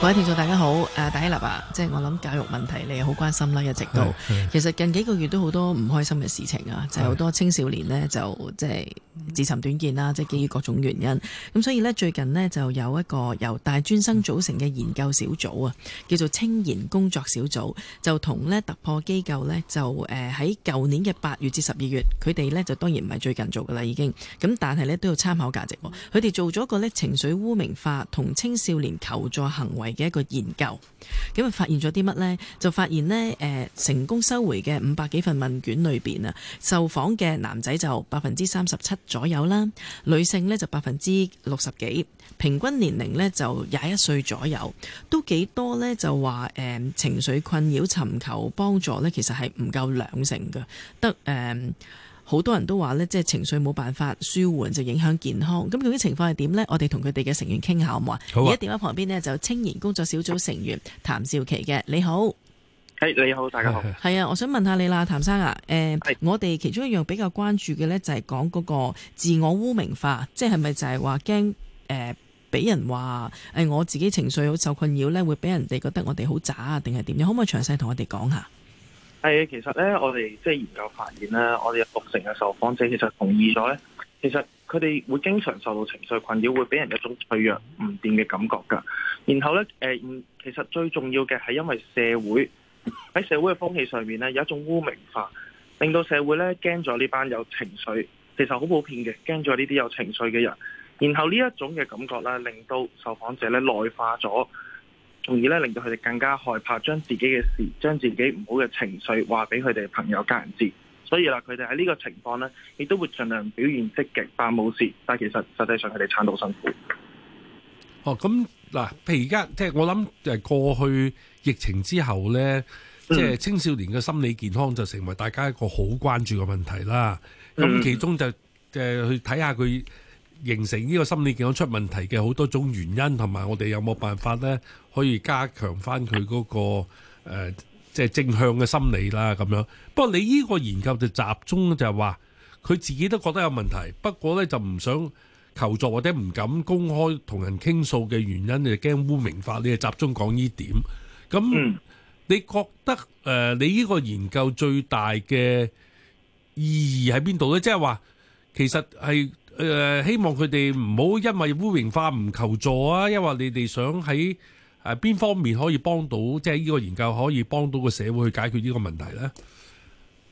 各位聽眾大家好，誒，戴依立啊，即係我諗教育問題你又好關心啦，一直都，其實近幾個月都好多唔開心嘅事情啊，就係好多青少年咧就即係自尋短見啦，即係基於各種原因，咁所以咧最近咧就有一個由大專生組成嘅研究小組啊，叫做菁研工作小組，就同咧突破機構咧就誒喺舊年嘅八月至十二月，佢哋咧就當然唔係最近做噶啦，已經，咁但係咧都有參考價值，佢哋做咗個咧情緒污名化同青少年求助行為嘅一個研究，咁啊發現咗啲乜呢？就發現呢誒、呃、成功收回嘅五百幾份問卷裏邊啊，受訪嘅男仔就百分之三十七左右啦，女性呢就百分之六十幾，平均年齡呢就廿一歲左右，都幾多呢就話誒、呃、情緒困擾尋求幫助呢，其實係唔夠兩成嘅，得誒。呃好多人都話咧，即係情緒冇辦法舒緩，就影響健康。咁究竟情況係點呢？我哋同佢哋嘅成員傾下，好唔好啊？而家電話旁邊呢，就有青年工作小組成員譚兆琪譚兆褀嘅，你好。Hey, 你好，大家好。係、hey. 啊，我想問下你啦，譚生啊，誒、呃，hey. 我哋其中一樣比較關注嘅呢，就係講嗰個自我污名化，即係咪就係話驚誒俾人話誒、呃、我自己情緒好受困擾呢會俾人哋覺得我哋好渣定係點？你可唔可以詳細同我哋講下？係，其實咧，我哋即係研究發現咧，我哋有六成嘅受訪者其實同意咗咧。其實佢哋會經常受到情緒困擾，會俾人一種脆弱唔掂嘅感覺噶。然後咧，誒，其實最重要嘅係因為社會喺社會嘅風氣上面咧，有一種污名化，令到社會咧驚咗呢班有情緒，其實好普遍嘅，驚咗呢啲有情緒嘅人。然後呢一種嘅感覺咧，令到受訪者咧內化咗。從而咧，令到佢哋更加害怕，將自己嘅事、將自己唔好嘅情緒話俾佢哋朋友家人知。所以啦，佢哋喺呢個情況呢，亦都會盡量表現積極，扮冇事。但其實實際上，佢哋撐到辛苦。哦，咁嗱，譬如而家，即係我諗，就係過去疫情之後呢，即、嗯、係、就是、青少年嘅心理健康就成為大家一個好關注嘅問題啦。咁、嗯、其中就，誒去睇下佢。形成呢個心理健康出問題嘅好多種原因，同埋我哋有冇辦法呢，可以加強返佢嗰個誒，即係正向嘅心理啦咁樣。不過你呢個研究就集中就係話，佢自己都覺得有問題，不過呢就唔想求助或者唔敢公開同人傾訴嘅原因，你就驚污名化，你就集中講呢點。咁你覺得誒，你呢個研究最大嘅意義喺邊度呢？即係話其實係。誒希望佢哋唔好因為污名化唔求助啊！因為你哋想喺誒邊方面可以幫到，即係呢個研究可以幫到個社會去解決呢個問題呢。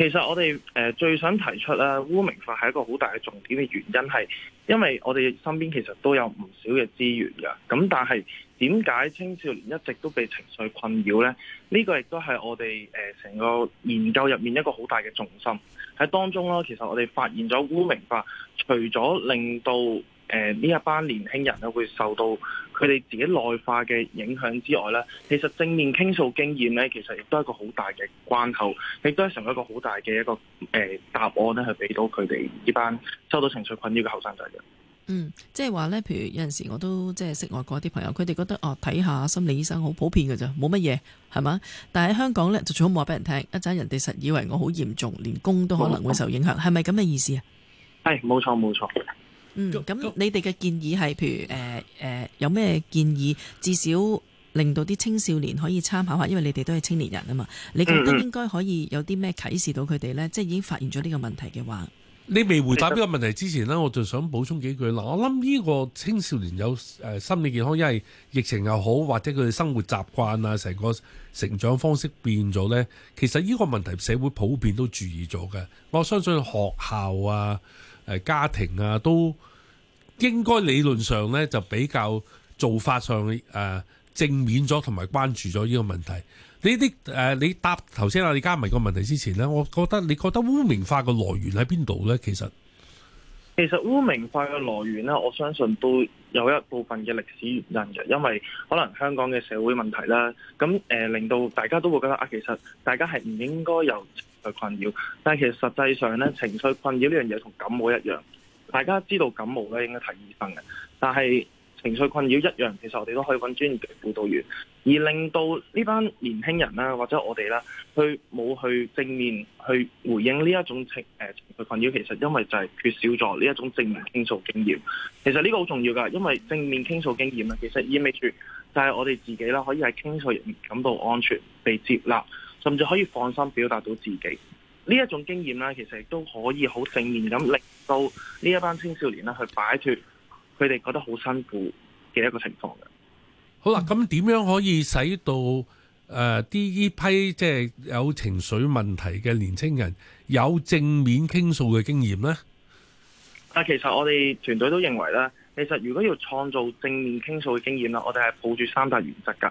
其實我哋最想提出咧污名化係一個好大嘅重點嘅原因係，因為我哋身邊其實都有唔少嘅資源㗎，咁但係點解青少年一直都被情緒困擾呢？呢個亦都係我哋成個研究入面一個好大嘅重心喺當中啦。其實我哋發現咗污名化，除咗令到誒，呢一班年輕人咧會受到佢哋自己內化嘅影響之外咧，其實正面傾訴經驗咧，其實亦都係一個好大嘅關口，亦都係成為一個好大嘅一個誒答案咧，去俾到佢哋呢班受到情緒困擾嘅後生仔嘅。嗯，即係話咧，譬如有陣時我都即係識外國啲朋友，佢哋覺得哦，睇下心理醫生好普遍嘅啫，冇乜嘢係嘛。但係喺香港咧，就最好唔好話俾人聽，一陣人哋實以為我好嚴重，連工都可能會受影響，係咪咁嘅意思啊？係，冇錯冇錯。沒錯。嗯，咁你哋嘅建議係，譬如誒、呃呃、有咩建議，至少令到啲青少年可以參考下，因為你哋都係青年人啊嘛，你覺得應該可以有啲咩啟示到佢哋呢？即係已經發現咗呢個問題嘅話，你未回答呢個問題之前呢，我就想補充幾句嗱。我諗呢個青少年有誒心理健康，因為疫情又好，或者佢哋生活習慣啊，成個成長方式變咗呢。其實呢個問題社會普遍都注意咗嘅，我相信學校啊。誒，家庭啊，都應該理論上咧就比較做法上誒、呃、正面咗，同埋關注咗呢個問題。呢啲誒，你答頭先啊李嘉文個問題之前咧，我覺得你覺得污名化嘅來源喺邊度咧？其實其實污名化嘅來源咧，我相信都有一部分嘅歷史原因嘅，因為可能香港嘅社會問題啦，咁誒、呃、令到大家都會覺得啊，其實大家係唔應該由。困擾，但係其實實際上咧，情緒困擾呢樣嘢，同感冒一樣，大家知道感冒咧應該睇醫生嘅，但係情緒困擾一樣，其實我哋都可以揾專業嘅輔導員，而令到呢班年輕人啦或者我哋啦，去冇去正面去回應呢一種情誒、呃、情緒困擾，其實因為就係缺少咗呢一種正面傾訴經驗。其實呢個好重要噶，因為正面傾訴經驗咧，其實意味住就係我哋自己啦，可以喺傾訴入面感到安全、被接納。甚至可以放心表達到自己呢一種經驗呢，其實亦都可以好正面咁，令到呢一班青少年啦去擺脱佢哋覺得好辛苦嘅一個情況嘅。好啦，咁點樣可以使到誒啲呢批即係、就是、有情緒問題嘅年青人有正面傾訴嘅經驗呢？啊，其實我哋團隊都認為咧，其實如果要創造正面傾訴嘅經驗啦，我哋係抱住三大原則噶：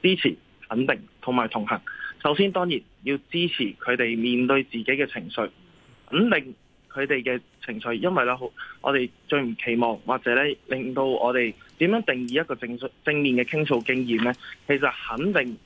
支持、肯定同埋同行。首先當然要支持佢哋面對自己嘅情緒，肯定佢哋嘅情緒，因為咧好，我哋最唔期望或者咧令到我哋點樣定義一個正正面嘅傾訴經驗咧，其實肯定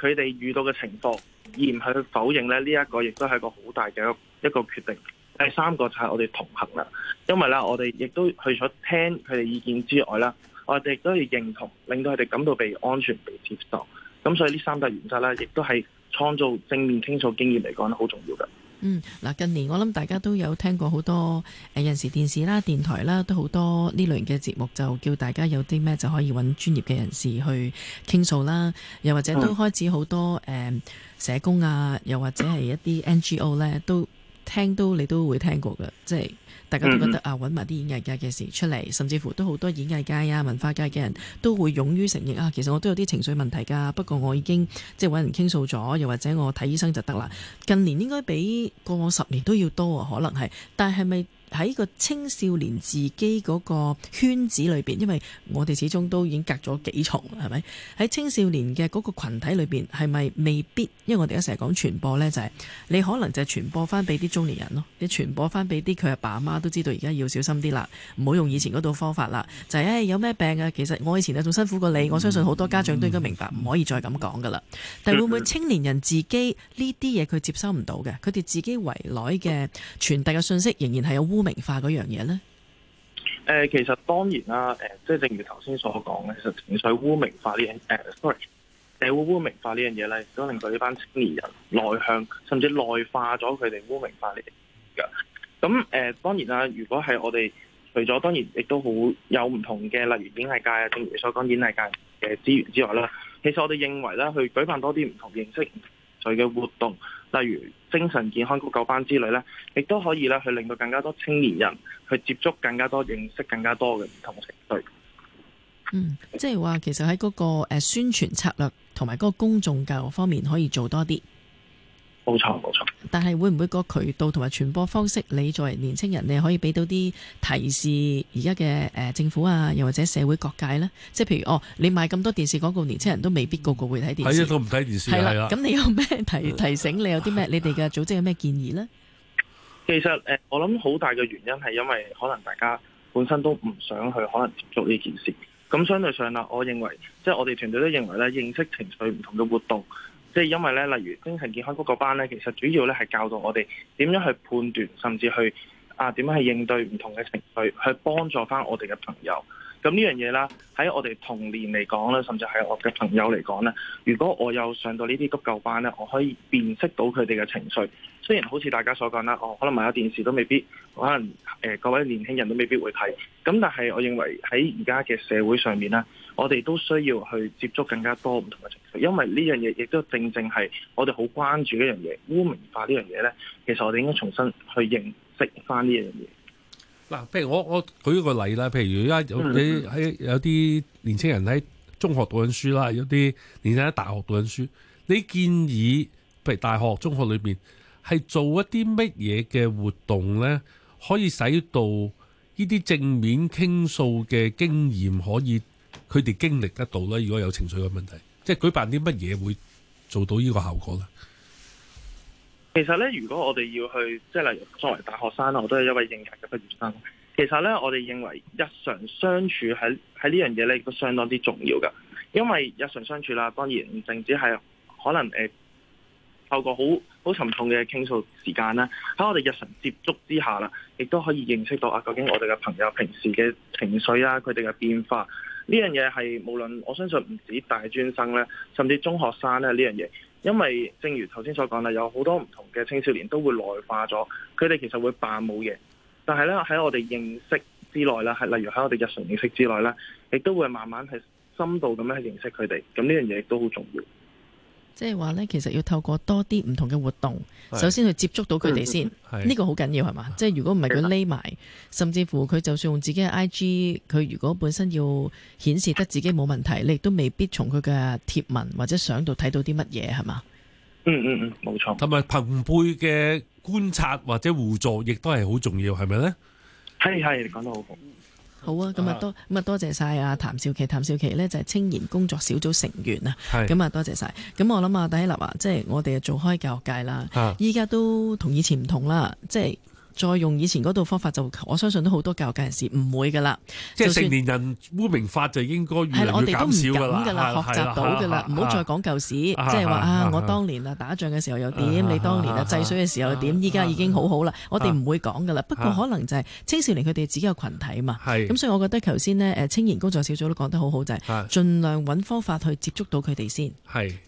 佢哋遇到嘅情況，而唔去否認咧呢一個亦都係一個好大嘅一個決定。第三個就係我哋同行啦，因為咧我哋亦都去咗聽佢哋意見之外啦，我哋亦都要認同，令到佢哋感到被安全被接受。咁所以呢三大原則咧，亦都係。創造正面傾訴經驗嚟講咧，好重要㗎。嗯，嗱，近年我諗大家都有聽過好多誒、呃，有時電視啦、電台啦，都好多呢類型嘅節目，就叫大家有啲咩就可以揾專業嘅人士去傾訴啦。又或者都開始好多、嗯嗯、社工啊，又或者係一啲 NGO 呢都。聽都你都會聽過㗎，即係大家都覺得啊，揾埋啲演藝界嘅事出嚟，甚至乎都好多演藝界啊、文化界嘅人都會勇於承認啊，其實我都有啲情緒問題㗎，不過我已經即係揾人傾訴咗，又或者我睇醫生就得啦。近年應該比過往十年都要多啊，可能係，但係咪？喺個青少年自己嗰個圈子裏面，因為我哋始終都已經隔咗幾重，係咪？喺青少年嘅嗰個群體裏面，係咪未必？因為我哋一成日講傳播呢、就是，就係你可能就係傳播翻俾啲中年人咯，你傳播翻俾啲佢阿爸阿媽都知道，而家要小心啲啦，唔好用以前嗰套方法啦。就係、是、誒、哎，有咩病啊？其實我以前咧仲辛苦過你，我相信好多家長都應該明白，唔可以再咁講噶啦。但係會唔會青年人自己呢啲嘢佢接收唔到嘅？佢哋自己圍內嘅傳遞嘅信息仍然係有污名化嗰樣嘢咧？誒，其實當然啦，誒，即係正如頭先所講嘅其實情緒污名化呢樣誒，sorry，社會污名化呢樣嘢咧，都令到呢班青年人內向，甚至內化咗佢哋污名化呢樣。咁誒，當然啦，如果係我哋除咗當然，亦都好有唔同嘅，例如演藝界啊，正如所講，演藝界嘅資源之外啦，其實我哋認為咧，去舉辦多啲唔同形式嘅活動。例如精神健康急救班之類呢，亦都可以咧去令到更加多青年人去接觸更加多、認識更加多嘅唔同情緒。嗯，即係話其實喺嗰個誒宣傳策略同埋嗰個公眾教育方面可以做多啲。冇錯，冇錯。但係會唔會個渠道同埋傳播方式，你作為年青人，你可以俾到啲提示？而家嘅、誒，政府啊，又或者社會各界呢？即係譬如哦，你買咁多電視廣告，年青人都未必個個會睇電視。係啊，都唔睇電視。係啦，咁你有咩提提醒？你有啲咩？你哋嘅組織有咩建議呢？其實我諗好大嘅原因係因為可能大家本身都唔想去，可能接觸呢件事。咁相對上啦，我認為即係、就是、我哋團隊都認為咧，認識情緒唔同嘅活動。即係因為咧，例如精神健康嗰個班咧，其實主要咧係教導我哋點樣去判斷，甚至去啊點樣去應對唔同嘅情緒，去幫助翻我哋嘅朋友。咁呢樣嘢啦，喺我哋童年嚟講咧，甚至係我嘅朋友嚟講咧，如果我有上到呢啲急救班咧，我可以辨識到佢哋嘅情緒。雖然好似大家所講啦，我可能買咗電視都未必，可能誒各位年輕人都未必會睇。咁但係，我認為喺而家嘅社會上面咧，我哋都需要去接觸更加多唔同嘅情緒。因為呢樣嘢亦都正正係我哋好關注一樣嘢，污名化呢樣嘢咧。其實我哋應該重新去認識翻呢樣嘢。嗱，譬如我我舉一個例啦，譬如而家有你喺有啲年青人喺中學讀緊書啦，有啲年青人喺大學讀緊書，你建議譬如大學、中學裏面係做一啲乜嘢嘅活動咧，可以使到呢啲正面傾訴嘅經驗可以佢哋經歷得到咧？如果有情緒嘅問題，即係舉辦啲乜嘢會做到呢個效果咧？其實咧，如果我哋要去，即係例如作為大學生啊，我都係一位應屆嘅畢業生。其實咧，我哋認為日常相處喺喺呢樣嘢咧，亦都相當之重要噶。因為日常相處啦，當然唔淨止係可能誒、欸，透過好好沉重嘅傾訴時間啦，喺我哋日常接觸之下啦，亦都可以認識到啊，究竟我哋嘅朋友平時嘅情緒啊，佢哋嘅變化呢樣嘢係無論我相信唔止大專生咧，甚至中學生咧呢呢樣嘢。因為正如頭先所講啦，有好多唔同嘅青少年都會內化咗，佢哋其實會扮冇嘢，但係咧喺我哋認識之內啦，係例如喺我哋日常認識之內咧，亦都會慢慢係深度咁樣去認識佢哋，咁呢樣嘢都好重要。即係話咧，其實要透過多啲唔同嘅活動，首先去接觸到佢哋先，呢、嗯這個好緊要係嘛？即係如果唔係佢匿埋，甚至乎佢就算用自己嘅 IG，佢如果本身要顯示得自己冇問題，你亦都未必從佢嘅貼文或者相度睇到啲乜嘢係嘛？嗯嗯嗯，冇、嗯、錯。同埋朋輩嘅觀察或者互助，亦都係好重要，係咪呢？係係，你講得好好。好啊，咁啊多咁啊、uh, 多謝晒啊。譚兆褀，譚兆褀呢就係菁研工作小組成員啊，咁啊多謝晒。咁我諗啊，戴一立啊，即係我哋做開教育界啦，依、uh. 家都同以前唔同啦，即係。再用以前嗰套方法就，我相信都好多教育界人士唔會噶啦，即係成年人污名化就應該越嚟越減少噶啦。我哋都唔敢噶啦、啊，學習到噶啦，唔、啊、好再講舊事，即係話啊，我當年啊打仗嘅時候又點、啊、你當年啊制水嘅時候又點，依家已經好好啦、啊，我哋唔會講噶啦。不過可能就係青少年佢哋自己嘅群體啊嘛，咁、啊、所以我覺得頭先咧誒青年工作小組都講得好好就係、是、盡量揾方法去接觸到佢哋先，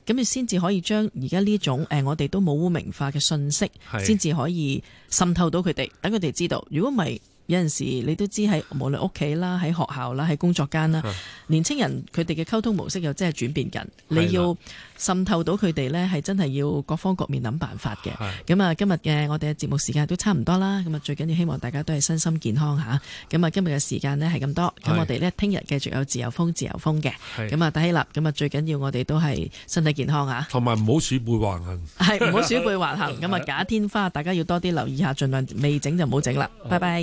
咁你先至可以將而家呢種誒我哋都冇污名化嘅信息，先、啊、至可以滲透到佢哋。等佢哋知道，如果唔係。有陣時你都知喺無論屋企啦、喺學校啦、喺工作間啦，的年輕人佢哋嘅溝通模式又真係轉變緊。你要滲透到佢哋呢，係真係要各方各面諗辦法嘅。咁啊，今日嘅我哋嘅節目時間都差唔多啦。咁啊，最緊要希望大家都係身心健康嚇。咁啊，今日嘅時間是這麼是呢，係咁多。咁我哋呢，聽日繼續有自由風自由風嘅。咁啊，戴希立。咁啊，最緊要是我哋都係身體健康嚇。同埋唔好鼠輩橫行。係唔好鼠輩橫行。咁 啊假天花，大家要多啲留意一下，儘量未整就唔好整啦。拜拜。